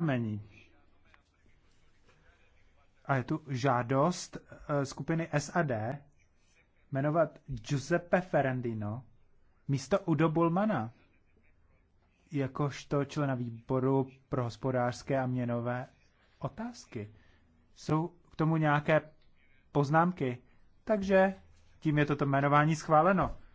oznámení. A je tu žádost eh, skupiny SAD jmenovat Giuseppe Ferrandino místo Udo Bulmana jakožto člena výboru pro hospodářské a měnové otázky. Jsou k tomu nějaké poznámky, takže tím je toto jmenování schváleno.